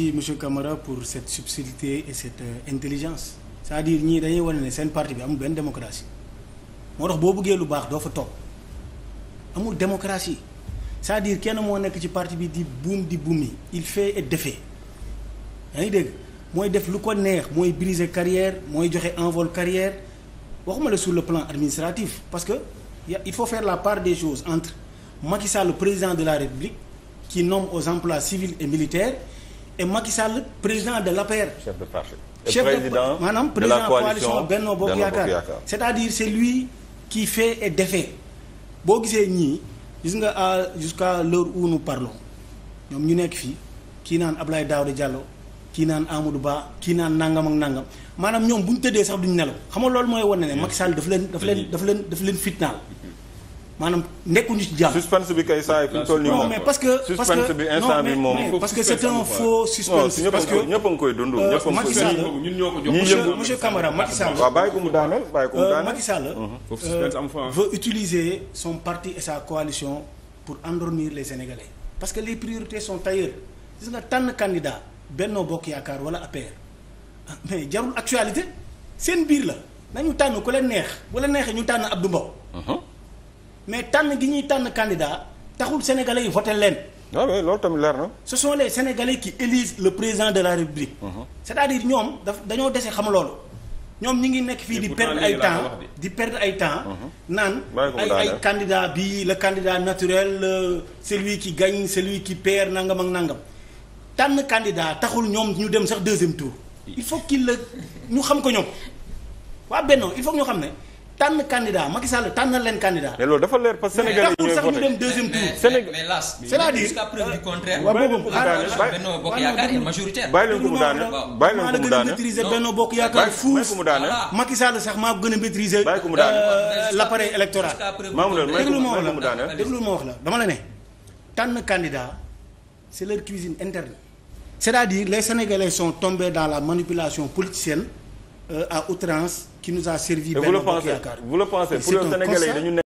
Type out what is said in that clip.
merci monsieur Camara pour cette subtilité et cette euh, intelligence cest à ñii dañuy wane ne seen parti bi amul benn démocratie moo tax boo buggee lu baax doo fa toog amul démocratie c'est-à-dire kenn moo nekk ci parti bi di buum di buum yi il fait et défait yaa ngi dégg mooy def lu ko neex mooy briser carrière mooy joxe envol carrière waxuma la sur le plan administratif parce que il faut faire la part des choses entre Macky Sall le président de la République qui nomme aux et Macky Sall président de l'APR. chef de parti chef de maanaam président de la coalition Benno Bokk Yaakaar c'est-à-dire c'est lui qui fait et défait boo gisee ñii gis nga à jusqu'à l'heure où nous ñoom ñu nekk fii kii naan Ablaye Daouda Diallo kii naan Amadou Ba kii naan nangam ak nangam maanaam ñoom bu ñu tëddee sax duñu nelaw xam nga loolu mooy wan ne ne Macky Sall daf leen daf leen daf leen daf leen fitnaal maanaam nekkuñu ci jàmm. suspense bi kay saa yi fi mu toll moom mais parce que parce que non mais parce que c'est un faux suspense. parce que ñëpp a ngi koy dund. Euh, ñëpp a ngi koy dund ñoo ko jox monsieur monsieur Camara Macky Sall. Euh, mhm. euh, veut utiliser son parti et sa coalition pour endormir les Sénégalais. parce que les priorités sont ailleurs gis nga tànn candidat Benno Bokk Yaakaar wala APR ah, mais jarul actualité seen biir la nañu tànn ku leen neex wala neexee ñu tànn Abdou Mbow. Mhm. mais tànn gi ñuy tànn candidat taxul sénégalais yi voté leen. waaw ah waaw loolu tamit leer na. ce sont le président de la république. Mhm. c'est-à-dire ñoom daf dañoo dese xam loolu. ñoom ñi ngi nekk fii di perdre ay temps di mhm. perdre ay temps naan ay ay candidat bi le candidat naturel celui qui gagne celui qui perd nangam ak nangam tànn candidat taxul ñoom ñu dem sax deuxième tour il faut qu'il la ñu xam ko ñoom waa Benno il faut ñu xam ne tànn candidat Macky Sall tànnal leen candidat. mais loolu dafa leer parce que Sénégal yi ñooy sax ñu dem deuxième tour. Sénégal c'est-à-dire jusqu'à preuve du contraire. a a maîtriser. bàyyi ko mu daane euh, l'appareil électoral. maamu leen may ko la dama la ne tànn dans la manipulation politicienne Euh, à outrance qui nous a servi. benn bokk yaakaar vous le pensez vous le pensez pour les Sénégalais dañu